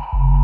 Mm-hmm.